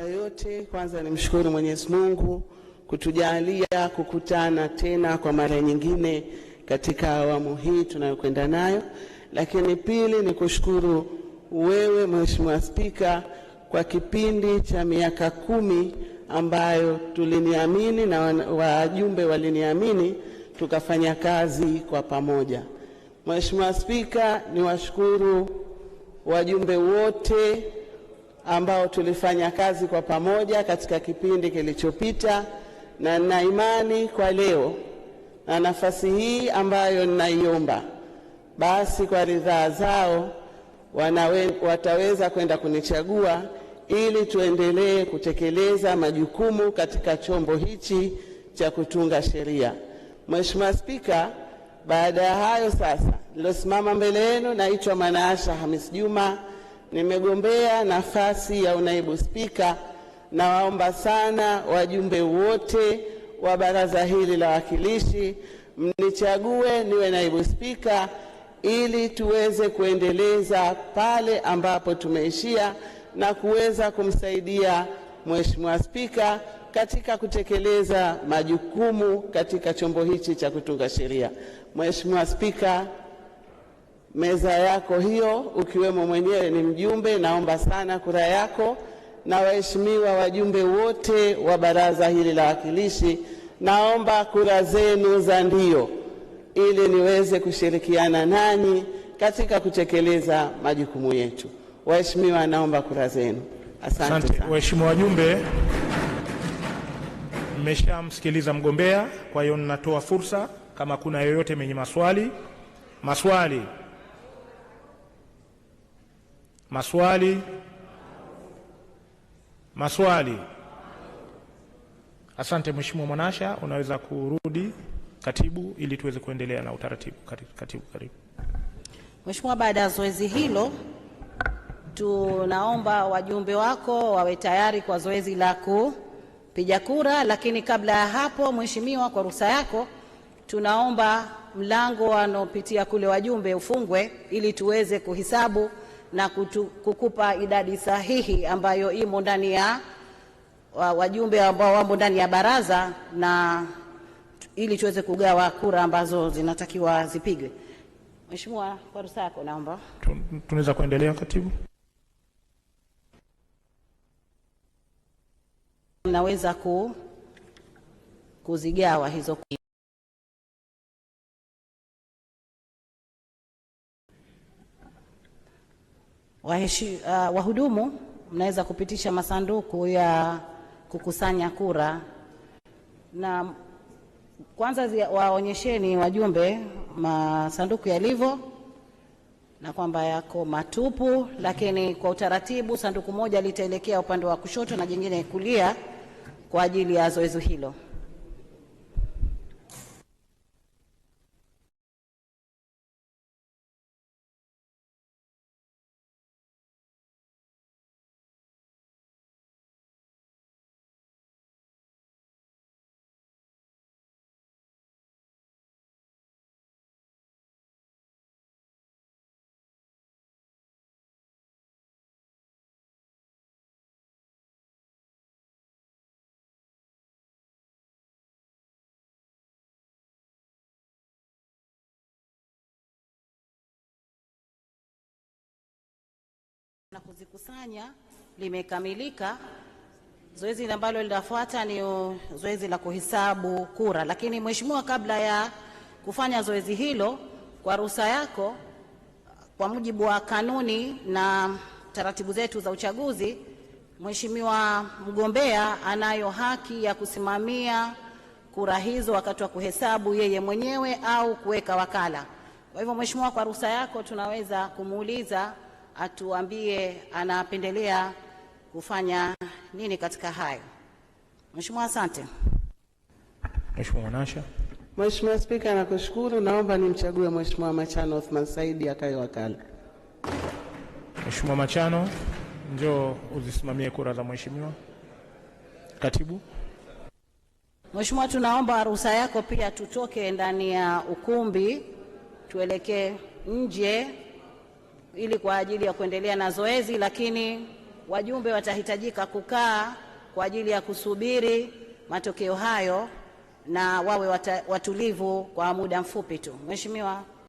ya yote, kwanza nimshukuru Mwenyezi Mungu kutujalia kukutana tena kwa mara nyingine katika awamu hii tunayokwenda nayo, lakini pili ni kushukuru wewe Mheshimiwa Spika kwa kipindi cha miaka kumi ambayo tuliniamini na wajumbe waliniamini tukafanya kazi kwa pamoja. Mheshimiwa Spika, niwashukuru wajumbe wote ambao tulifanya kazi kwa pamoja katika kipindi kilichopita, na nina imani kwa leo na nafasi hii ambayo ninaiomba, basi kwa ridhaa zao wanawe, wataweza kwenda kunichagua ili tuendelee kutekeleza majukumu katika chombo hichi cha kutunga sheria. Mheshimiwa Spika, baada ya hayo sasa, nilosimama mbele yenu naitwa Mwanaasha Hamis Juma nimegombea nafasi ya unaibu spika. Nawaomba sana wajumbe wote wa baraza hili la wawakilishi mnichague niwe naibu spika ili tuweze kuendeleza pale ambapo tumeishia na kuweza kumsaidia Mheshimiwa Spika katika kutekeleza majukumu katika chombo hichi cha kutunga sheria. Mheshimiwa Spika, meza yako hiyo, ukiwemo mwenyewe ni mjumbe. Naomba sana kura yako, na waheshimiwa wajumbe wote wa baraza hili la wawakilishi, naomba kura zenu za ndio, ili niweze kushirikiana nanyi katika kutekeleza majukumu yetu. Waheshimiwa, naomba kura zenu. Asante, asante sana. Waheshimiwa wajumbe, mmeshamsikiliza mgombea, kwa hiyo ninatoa fursa kama kuna yoyote mwenye maswali maswali Maswali? Maswali? Asante Mheshimiwa Mwanasha, unaweza kurudi katibu, ili tuweze kuendelea na utaratibu. Katibu, karibu. Mheshimiwa, baada ya zoezi hilo, tunaomba wajumbe wako wawe tayari kwa zoezi la kupiga kura, lakini kabla ya hapo, Mheshimiwa, kwa ruhusa yako, tunaomba mlango wanaopitia kule wajumbe ufungwe ili tuweze kuhisabu na kutu, kukupa idadi sahihi ambayo imo ndani ya wajumbe ambao wamo ndani ya baraza na ili tuweze kugawa kura ambazo zinatakiwa zipigwe. Mheshimiwa, kwa ruhusa yako naomba tunaweza kuendelea. Katibu, mnaweza ku, kuzigawa hizo. Waheshi, uh, wahudumu mnaweza kupitisha masanduku ya kukusanya kura na kwanza waonyesheni wajumbe masanduku yalivyo na kwamba yako matupu, lakini kwa utaratibu sanduku moja litaelekea upande wa kushoto na jingine kulia kwa ajili ya zoezi hilo. na kuzikusanya limekamilika. Zoezi ambalo linafuata ni zoezi la kuhesabu kura, lakini mheshimiwa, kabla ya kufanya zoezi hilo, kwa ruhusa yako, kwa mujibu wa kanuni na taratibu zetu za uchaguzi, mheshimiwa mgombea anayo haki ya kusimamia kura hizo wakati wa kuhesabu yeye mwenyewe au kuweka wakala. Kwa hivyo, mheshimiwa, kwa ruhusa yako tunaweza kumuuliza atuambie anapendelea kufanya nini katika hayo. Mheshimiwa, asante. Mheshimiwa Nasha. Mheshimiwa Spika, nakushukuru. Naomba nimchague Mheshimiwa Machano Othman Saidi akae wakala. Mheshimiwa Machano, njoo uzisimamie kura za mheshimiwa katibu. Mheshimiwa, tunaomba ruhusa yako pia tutoke ndani ya ukumbi tuelekee nje ili kwa ajili ya kuendelea na zoezi, lakini wajumbe watahitajika kukaa kwa ajili ya kusubiri matokeo hayo na wawe wata, watulivu kwa muda mfupi tu. Mheshimiwa